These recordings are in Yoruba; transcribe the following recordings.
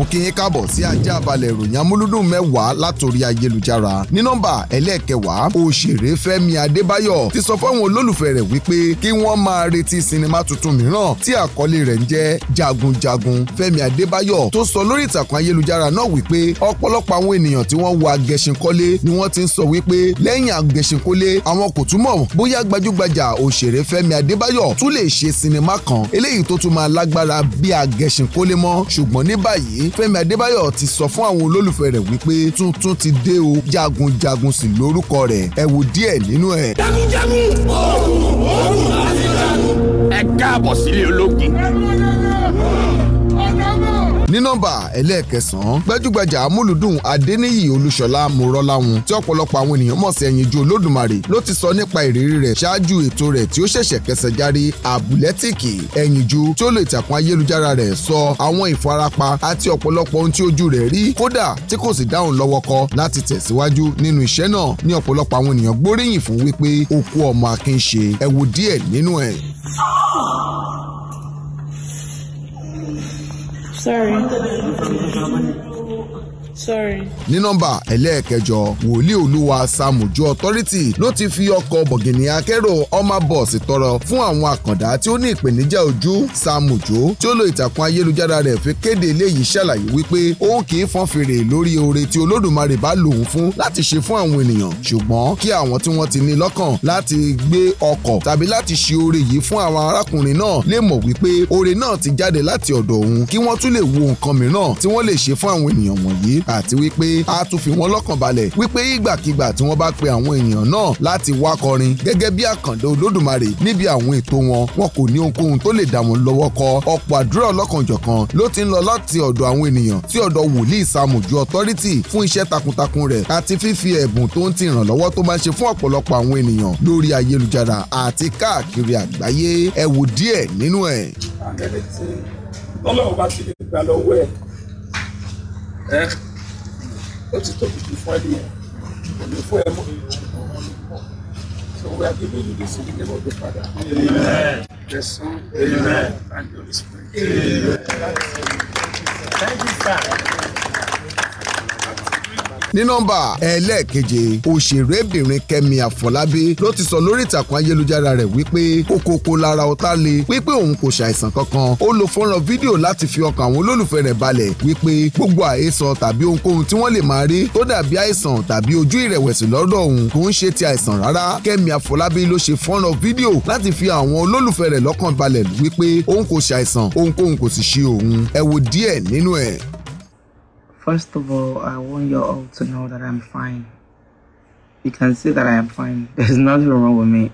mo kí yín káàbọ̀ sí ajá balẹ̀ ìròyìn amúlúdùn mẹ́wàá látòrí ayélujára ní nọ́mbà ẹlẹ́ẹ̀kẹwàá òṣèré Fẹ́mi Adébáyọ̀ ti sọ fáwọn olólùfẹ́ rẹ̀ wípé kí wọ́n máa retí sinimá tuntun mìíràn tí àkọlé rẹ̀ ń jẹ́ jagunjagun Fẹ́mi Adébáyọ̀ tó sọ lórí ìtàkùn ayélujára náà wípé ọ̀pọ̀lọpọ̀ àwọn ènìyàn tí wọ́n wo Agẹṣinkọ́lé ni wọ́n ti ń sọ wípé lẹ́yìn Agẹṣinkọ́lé àwọn kò túmọ̀ bóyá gbajúgbajà òṣèré Fẹ́mi Adébáyọ̀ tún lè ṣe sinimá kan eléyìí tó tún máa lágbára bí Agẹṣinkọ́lé mọ́ ṣùgbọ́n ní báyìí Fẹ́mi Adébáyọ̀ ti sọ fún àwọn olólùfẹ́ rẹ̀ wípé tuntun ti dé o jagunjagun sì lórúkọ rẹ̀ ẹ wo díẹ̀ nínú ẹ̀. jagunjagun oògùn oògùn àti jagun. ẹ káàbọ̀ sílé ológun ní nọ́mbà ẹlẹ́ẹ̀kẹsàn-án gbajúgbajà amúlùdùn adéníyì olúṣọlá mọ̀rọ́láhùn tí ọ̀pọ̀lọpọ̀ àwọn ènìyàn mọ̀ sí ẹ̀yìn ju olódùmarè ló ti sọ nípa ìrírí rẹ̀ ṣáájú ètò rẹ̀ tí ó ṣẹ̀ṣẹ̀ kẹsẹ̀ járí àbúlẹ́tìkì ẹ̀yìn ju tí ó lo ìtàkùn ayélujára rẹ̀ sọ àwọn ìfarapa àti ọ̀pọ̀lọpọ̀ ohun tí ojú rẹ̀ rí kódà tí kò sì dáhùn lọ́wọ́ kọ láti tẹ̀síwájú nínú iṣẹ́ náà ní ọ̀pọ̀lọpọ̀ àwọn ènìyàn gbóríyìn fún wípé ó kú ọmọ akínṣe ẹ wo díẹ̀ nínú ẹ̀. Sorry. sorry. ní nọ́mbà ẹlẹ́ẹ̀kẹjọ wòlíì olúwa sam authority ló ti fi ọkọ̀ bọ̀gìnì akẹ́rò ọmọ bọ̀ọ̀sì tọrọ fún àwọn àkàndá tí ó ní ìpèníjà ojú sam ojú tí ó lo ìtàkùn ayélujára rẹ̀ fi kéde eléyìí ṣàlàyé wípé òun kì í fọn fèrè lórí oore tí olódùmarè bá lòun fún láti ṣe fún àwọn ènìyàn ṣùgbọ́n kí àwọn tí wọ́n ti ní lọ́kàn láti gbé ọkọ̀ tàbí láti ṣe oore yìí fún àwọn arákùnrin náà lè mọ̀ wípé oore náà ti jáde láti ọ̀dọ̀ òun kí wọ́n tún lè wo nǹkan mìíràn tí wọ́n lè ṣe fún àwọn ènìyàn wọ̀nyí àti wípé a tún fi wọ́n lọ́kàn balẹ̀ wípé ìgbàkigbà tí wọ́n bá pe àwọn èèyàn náà láti wá kọrin gẹ́gẹ́ bí àkàndá olódùmarè níbi àwọn ètò wọn wọn kò ní ohunkóhun tó lè dà wọ́n lọ́wọ́ kọ ọ̀pọ̀ àdúrà ọlọ́kanjọ̀kan ló ti ń lọ láti ọ̀dọ̀ àwọn ènìyàn tí ọ̀dọ̀ wòlíì Samuju Authority fún iṣẹ́ takuntakun rẹ̀ àti fífi ẹ̀bùn tó ń ti ìrànlọ́wọ́ tó máa ń ṣe fún ọ̀pọ̀lọpọ̀ àwọn ènìyàn lórí ayélujára àti káàkiri àgbáyé ẹ wò díẹ̀ nínú ẹ̀. àkẹ́lẹ́ tí ọlọ́run bá ti lè gbà lọ́wọ́ ẹ̀ ó ti tóbi jù fún ẹni yẹn kò so we are giving you this in the name of the father amen the son amen and the holy spirit amen thank you sir ní nọ́mbà ẹlẹ́ẹ̀keje òṣèrébìnrin kẹ́mi àfọlábí ló ti sọ lórí ìtàkùn ayélujára rẹ̀ wípé kókókó lára ọ̀tá le wípé òun kò ṣàìsàn kankan ó lo fọ́nrán fídíò láti fi ọkàn àwọn olólùfẹ́ rẹ̀ balẹ̀ wípé gbogbo àhesọ tàbí ohunkóhun tí wọ́n lè máa rí tó dàbí àìsàn tàbí ojú ìrẹ̀wẹ̀sì lọ́dọ̀ òun kò ń ṣe ti àìsàn rárá kẹ́mi àfọlábí ló ṣe fọ́nrán fídíò láti fi àwọn olólùfẹ́ rẹ̀ lọ́kàn balẹ̀ wípé òun kò ṣàìsàn ohunkóhun kò sì ṣe òun ẹ wo díẹ̀ nínú ẹ̀ First of all, I want you all to know that I'm fine. You can see that I am fine. There's nothing wrong with me.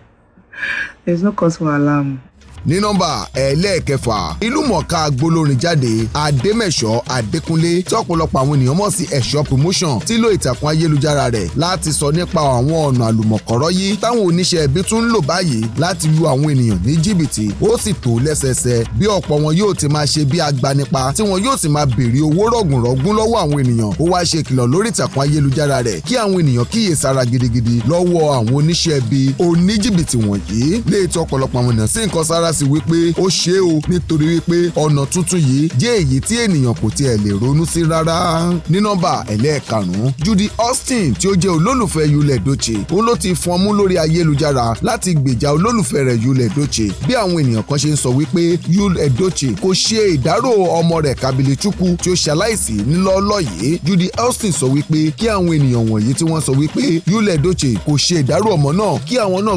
There's no cause for alarm. ní nọ́mbà ẹlẹ́ẹ̀kẹfà ìlúmọ̀ọ́ká gbólórin jáde adémẹ̀ṣọ́ adékúnlé tí ọ̀pọ̀lọpọ̀ àwọn ènìyàn mọ̀ sí ẹ̀ṣọ́ promotion ti lo ìtàkùn ayélujára rẹ̀ láti sọ nípa àwọn ọ̀nà àlùmọ̀kọ́rọ́ yìí táwọn oníṣẹ́ ẹbí tún ń lò báyìí láti lu àwọn ènìyàn ní jìbìtì ó sì tó lẹ́sẹẹsẹ bí ọ̀pọ̀ wọn yóò ti máa ṣe bí agbanipa tí wọn yóò sì máa béèrè owó rọ̀gùnrọ̀gùn lọ́wọ́ àwọn ènìyàn ó wá ṣe ìkìlọ̀ lórí ìtàkùn ayélujára rẹ̀ kí àwọn ènìyàn kíyèsára gidigidi lọ́wọ́ àwọn oníṣẹ́ ẹbí oníjìbìtì wọ̀nyí lè tọ́ ọ̀pọ̀lọpọ̀ àwọn ènìyàn sí nǹkan sára Thomas wípé ó ṣe o nítorí wípé ọ̀nà tuntun yìí jẹ́ èyí tí ènìyàn kò tiẹ̀ lè ronú sí rárá. ní nọ́mbà ẹlẹ́ẹ̀karùn-ún Judy Austin tí ó jẹ́ olólùfẹ́ Yulẹ̀ Doce ó ló ti fọn mú lórí ayélujára láti gbèjà olólùfẹ́ rẹ̀ Yulẹ̀ Doce bí àwọn ènìyàn kan ṣe ń sọ wípé Yulẹ̀ Doce kò ṣe ìdárò ọmọ rẹ̀ Kabilichukwu tí ó ṣaláìsí nílọ́ọ́lọ́ Judy Austin sọ wípé kí àwọn ènìyàn wọ̀nyí tí wọ́n sọ wípé Yulẹ̀ Doce kò ṣe ìdárò ọmọ náà kí àwọn náà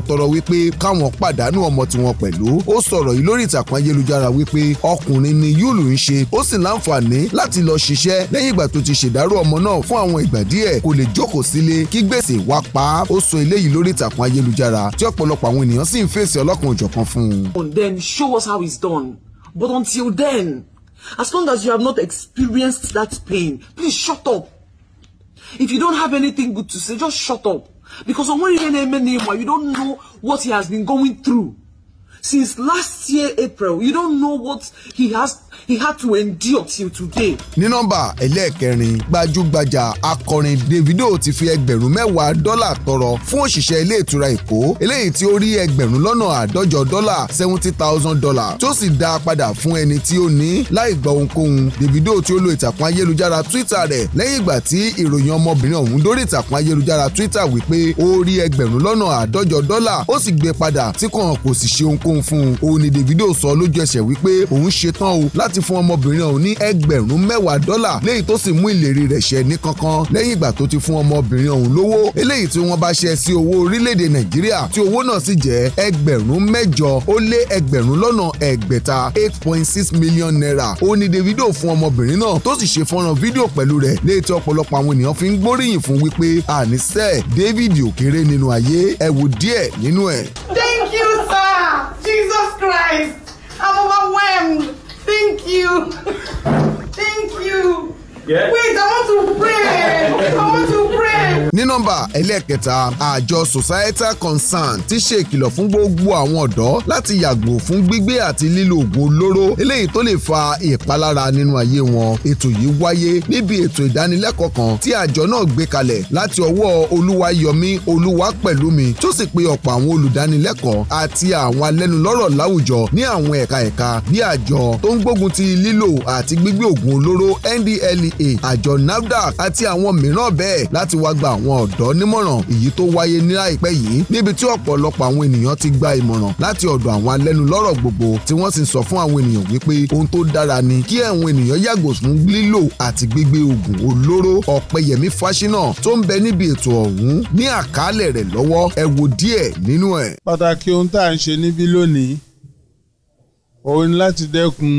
sọ̀rọ̀ yìí lórí ìtàkùn ayélujára wípé ọkùnrin ni Yulu ń ṣe ó sì láǹfààní láti lọ ṣiṣẹ́ lẹ́yìn ìgbà tó ti ṣèdárò ọmọ náà fún àwọn ìgbà díẹ̀ kò lè jókòó sílé kí gbèsè wá pa á ó sọ eléyìí lórí ìtàkùn ayélujára tí ọ̀pọ̀lọpọ̀ àwọn ènìyàn sì ń fèsì ọlọ́kan òjọ̀kan fún un. Then show us how it's done. But until then, as long as you have not experienced that pain, please shut up. If you don't have anything good to say, just shut up. Because when you don't know what he has been going through since last year April you don't know what he has he had to endure till today. ní nọ́mbà ẹlẹ́ẹ̀kẹrin gbajúgbajà akọrin Davido ti fi ẹgbẹ̀rún mẹ́wàá dọ́là tọrọ fún òṣìṣẹ́ ilé ìtura Èkó eléyìí tí ó rí ẹgbẹ̀rún lọ́nà àádọ́jọ dọ́là seventy thousand dollar tí ó sì dá a padà fún ẹni tí ó ní láì gba ohunkóhun Davido tí ó lo ìtàkùn ayélujára Twitter rẹ̀ lẹ́yìn ìgbà tí ìròyìn ọmọbìnrin ọ̀hún dórí ìtàkùn ayélujára Twitter wípé ó rí ẹgbẹ̀rún lọ́nà àádọ́jọ dọ́là ó sì gbé padà tí kàn kò sì ṣe ohunkóhun ohunkóhun fún un òun ni Davido sọ lójú ẹsẹ̀ wípé òun ṣetán o láti fún ọmọbìnrin ọ̀hún ní ẹgbẹ̀rún mẹ́wàá dọ́là léyìí tó sì mú ìlérí rẹ̀ ṣẹ ní kankan lẹ́yìn ìgbà tó ti fún ọmọbìnrin ọ̀hún lówó eléyìí tí wọ́n bá ṣe sí owó orílẹ̀-èdè Nàìjíríà tí owó náà sì jẹ́ ẹgbẹ̀rún mẹ́jọ ó lé ẹgbẹ̀rún lọ́nà ẹgbẹ̀ta eight point six million naira ó ní Davido fún ọmọbìnrin náà tó sì ṣe fọ́nrán fídíò pẹ̀lú rẹ̀ léyìí tí ọ̀pọ̀lọpọ̀ àwọn ènìyàn fi ń gbóríyìn fún wípé àníṣe Thank you, sir. Jesus Christ! I'm overwhelmed. Thank you. Thank you. Yeah. Wait, I want to pray. I want to pray. ní nọ́mbà ẹlẹ́ẹ̀kẹta àjọ societal concern ti ṣe ìkìlọ̀ fún gbogbo àwọn ọ̀dọ́ láti yàgò fún gbígbé àti lílo oògùn olóró eléyìí tó lè fa ìpalára nínú ayé wọn ètò yìí wáyé níbi ètò ìdánilẹ́kọ̀ọ́ kan tí àjọ náà gbé kalẹ̀ láti ọwọ́ olúwayọ̀mí olúwapẹ̀lúmi tó sì pe ọ̀pọ̀ àwọn olùdánilẹ́kọ̀ọ́ àti àwọn alẹ́nulọ́rọ̀ láwùjọ ní àwọn ẹ̀ka ẹ̀ka bí àjọ tó ń gbógun ti lílò àti gbígbé oògùn olóró NDLEA àjọ NAFDAC àti àwọn mìíràn bẹ́ẹ̀ láti wá gba gba àwọn ọ̀dọ́ nímọ̀ràn èyí tó wáyé ní àìpẹ́ yìí níbi tí ọ̀pọ̀lọpọ̀ àwọn ènìyàn ti gba ìmọ̀ràn láti ọ̀dọ̀ àwọn alẹ́nulọ́rọ̀ gbogbo tí wọ́n sì sọ fún àwọn ènìyàn wípé ohun tó dára ni kí àwọn ènìyàn yàgò fún lílò àti gbígbé oògùn olóró ọ̀pẹyẹmí fáṣínà tó ń bẹ níbi ètò ọ̀hún ní àkálẹ̀ rẹ̀ lọ́wọ́ ẹ wo díẹ̀ nínú ẹ̀. pàtàkì ohun tá à ń ṣe níbí lónìí òun láti dẹ́kun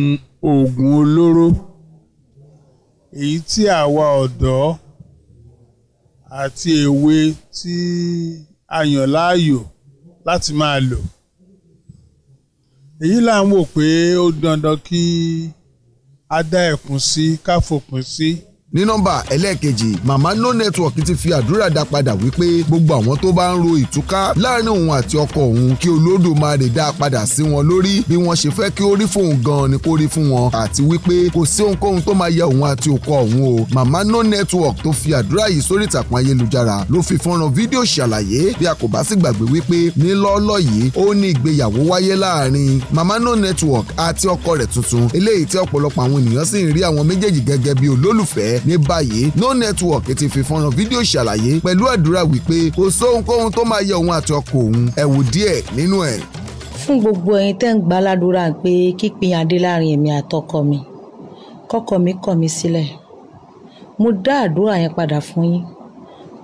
oògùn olóró èyí tí àwa ọ̀dọ́ àti èwe tí a yàn láàyò láti máa lò èyí là ń wò pé ó dandan kí a dá ẹ̀kún sí ká fòpin sí. Si ní nọ́mbà ẹlẹ́ẹ̀kejì màmá no network ti fi àdúrà dá padà wípé gbogbo àwọn tó bá ń ro ìtúká láàrin òun àti ọkọ òun kí olódùmarè dá a padà sí wọn lórí bí wọ́n ṣe fẹ́ kí ó rí fóun gan ni kó rí fún wọn àti wípé kò sí ohunkóhun tó máa yà òun àti ọkọ òun o màmá no network tó fi àdúrà yìí sórí ìtàkùn ayélujára ló fi fọ́nrán fídíò ṣàlàyé bí a kò bá sì gbàgbé wípé ní lọ́ọ́lọ́ yìí ó ní ìgbéyàwó wáyé láàrin màmá no network àti ọkọ rẹ̀ tuntun eléyìí tí ọ̀pọ̀lọpọ̀ àwọn ènìyàn sì ń rí àwọn rẹ̀ ní báyìí no network ti fi fọ́nrán fídíò ṣàlàyé pẹ̀lú àdúrà wípé kò sóhunkóhun tó máa yẹ òun àti ọkọ òun ẹ̀wù díẹ̀ nínú ẹ̀. fún gbogbo ẹ̀yin tẹ́ ń gbà ládùúrà pé kípin adé láàrin èmi àtọkọ mi kọ́kọ́ mi kọ̀ mí sílẹ̀ mo dá àdúrà yẹn padà fún yín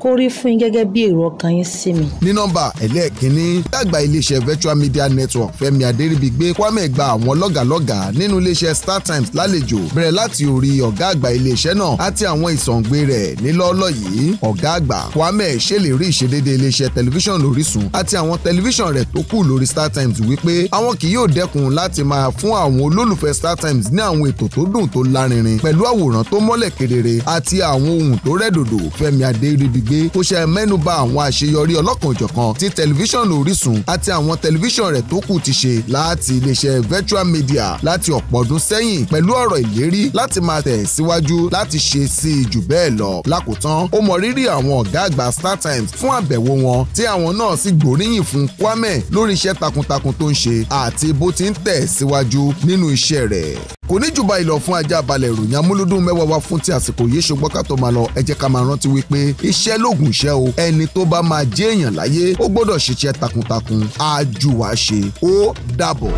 kó rí fún yín gẹ́gẹ́ bí èrò ọkàn yín sí mi. ní nọ́mbà ẹlẹ́ẹ̀kínní dàgbà iléeṣẹ́ virtual media network fẹ́mi adéríbigbé kwame gba àwọn lọ́gàlọ́gà nínú iléeṣẹ́ star times lálejò bẹ̀rẹ̀ láti orí ọ̀gá àgbà iléeṣẹ́ náà àti àwọn ìsọ̀ǹgbé rẹ̀ nílọ́ọ́lọ́ yìí ọ̀gá àgbà kwame ṣèlérí ìṣedéédé iléeṣẹ́ tẹlifíṣàn orísun àti àwọn tẹlifíṣàn rẹ̀ tó kù lórí star times wípé àwọn kì yóò dẹ́kun láti máa fún àwọn olólùfẹ́ star times ní àwọn ètò tó dùn tó lárinrin pẹ̀lú àwòrán tó mọ́lẹ̀ kedere àti àwọn ohun tó rẹ́dòdò fẹ́mi adéríbigbé ayé kò ṣe mẹ́nuba àwọn àṣeyọrí ọlọ́kanòjọ̀kan tí tẹlifíṣàn Orísun àti àwọn tẹlifíṣàn rẹ̀ tó kù ti ṣe láti iléeṣẹ́ virtual media láti ọ̀pọ̀ ọdún sẹ́yìn pẹ̀lú ọ̀rọ̀ ìlérí láti máa tẹ̀ síwájú láti ṣe sí i jù bẹ́ẹ̀ lọ lákòótán ó mọrírì àwọn ọ̀gá àgbà StarTimes fún àbẹ̀wò wọn tí àwọn náà sì gbóríyìn fún Kwame lórí iṣẹ́ takuntakun tó ń ṣe àti bó ti ń tẹ̀ síwájú nínú iṣẹ́ rẹ̀ kò ní jùbà ìlọ fún ajá balẹ̀ ìròyìn amúlúdùn mẹ́wàá wá fún ti àsìkò yìí ṣùgbọ́n ká tó máa lọ ẹ jẹ́ ká máa rántí wípé iṣẹ́ lóògùn iṣẹ́ o ẹni tó bá máa jẹ́ èèyàn láyé ó gbọ́dọ̀ ṣiṣẹ́ takuntakun àjùwà ṣe ó dàbọ̀.